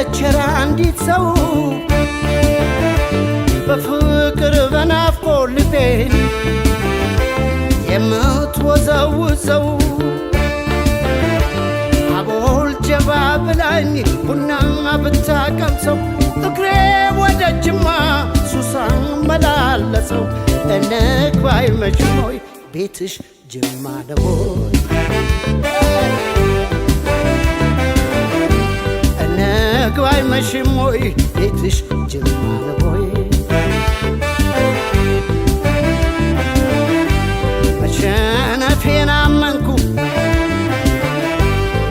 የቸራ አንዲት ሰው በፍቅር በናፍቆ ልቤን የምትወዘውዘው አቦል ጀባ ብላኝ ቡናማ ብታቀምሰው እግሬ ወደ ጅማ ሱሳን መላለሰው እንግባይ መችሞይ ቤትሽ ጅማ ደቦይ አይመሽም ወይ ቤትሽ ጅማ ለሆይ መሸነፌን አመንኩ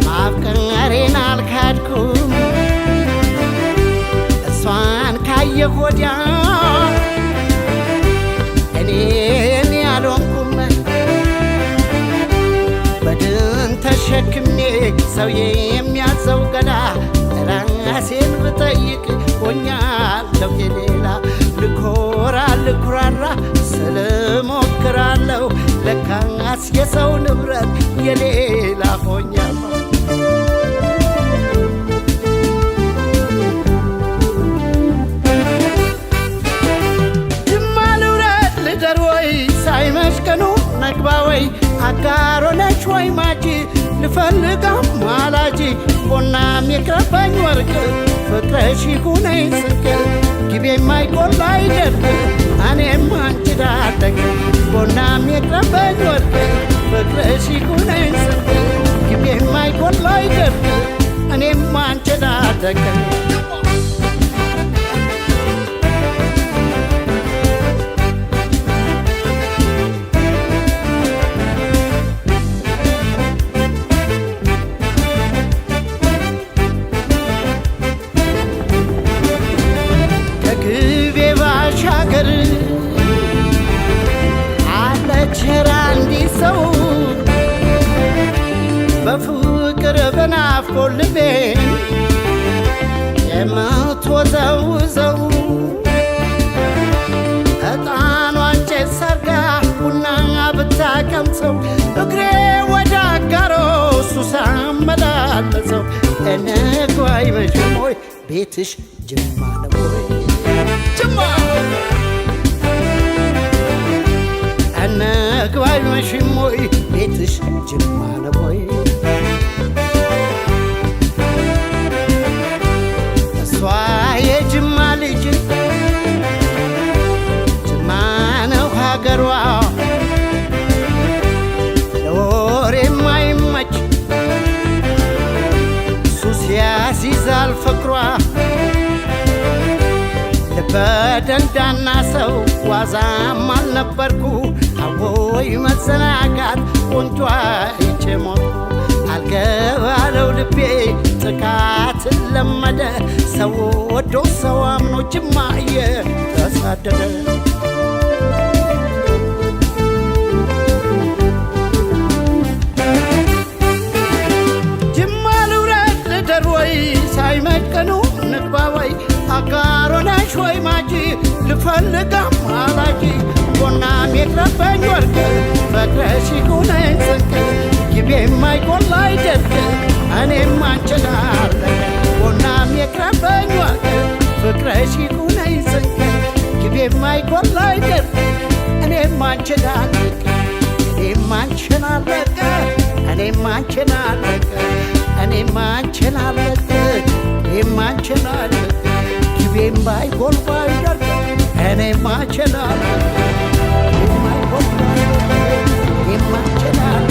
ማፍቀሬን አልካድኩም እሷን ካየሁ ወዲያ እኔን ያልሆንኩም በድን ተሸክሜ ሰውዬ አለው የሌላ ልኮራ ልኩራራ ስልሞክራለው ለካስ የሰው ንብረት የሌላ ሆኛል ሳይመሽቀኑ ነግባ ወይ አጋሮ ነች ወይ ማጂ ልፈልጋም ማላጂ ሆናም የቅረበኝ ወርቅ ፍቅረሽ ይሁነኝ ስንቅ ቅቤ የማይቆላ ይደርቅ እኔም አንቺ ዳደግ ቦናም የቅረበኝ ወርቅ ፍቅርሽ ይኩነኝ ስንቅ ቅቤ የማይቆላ ይደርቅ እኔም አንቺ ዳደግ ልቤ የምትወዘውዘው እጣኗ እንጨት ሰርጋ ቡና ብታቀምሰው እግሬ ወደ አጋሮ እሱ ሳመላለሰው እንኳ አይመሽም ቤትሽ ጅማ ነው ወይ ጅማ እንኳ አይመሽም ቤትሽ ጅማ ነው ወይ ሀገሯ ለወሬ የማይመች ሱስ ያስይዛል ፍቅሯ ልበደንዳና ሰው ዋዛም አልነበርኩ አቦይ መዘናጋት ቆንጇ ይቼ ሞትኩ አልገባለው ልቤ ጥቃትን ለመደ ሰው ወዶ ሰው አምኖ ጅማ እየተሳደደ አልፈልግም ማራኪ ጎና ሚቅረበኝ ወርቅ ፍቅረሽ ይሁነኝ ጽድቅ ግቤ የማይጎላ አይደርቅ እኔም አንችን አለ ጎና ሚቅረበኝ ወርቅ ፍቅረሽ ይሁነኝ ጽድቅ ግቤ የማይጎላ አይደርቅ እኔም አንችን አለቅ እኔም አንችን አለቅ እኔም አንችን አለቅ እኔም አንችን አለቅ እኔም አንችን ግቤም ባይጎል ባይ የማችላት የማችላት